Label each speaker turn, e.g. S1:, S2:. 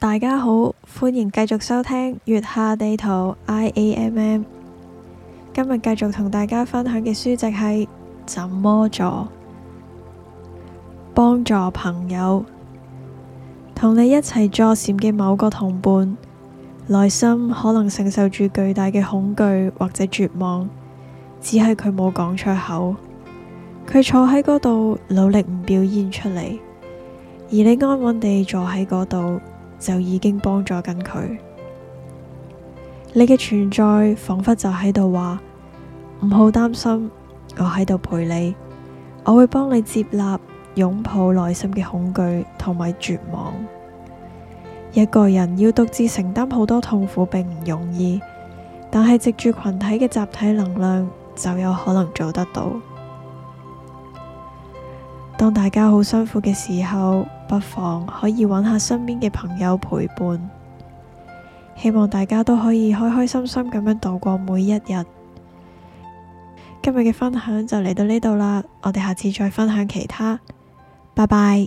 S1: 大家好，歡迎繼續收聽《月下地圖 i a m m》。今日繼續同大家分享嘅書籍係《怎麼做幫助朋友》，同你一齊助禪嘅某個同伴，內心可能承受住巨大嘅恐懼或者絕望，只係佢冇講出口。佢坐喺嗰度，努力唔表現出嚟，而你安穩地坐喺嗰度，就已經幫助緊佢，你嘅存在仿佛就喺度話，唔好擔心，我喺度陪你，我會幫你接納、擁抱內心嘅恐懼同埋絕望。一個人要獨自承擔好多痛苦，並唔容易，但係藉住群體嘅集體能量，就有可能做得到。當大家好辛苦嘅時候，不妨可以搵下身邊嘅朋友陪伴。希望大家都可以開開心心咁樣度過每一日。今日嘅分享就嚟到呢度啦，我哋下次再分享其他。拜拜。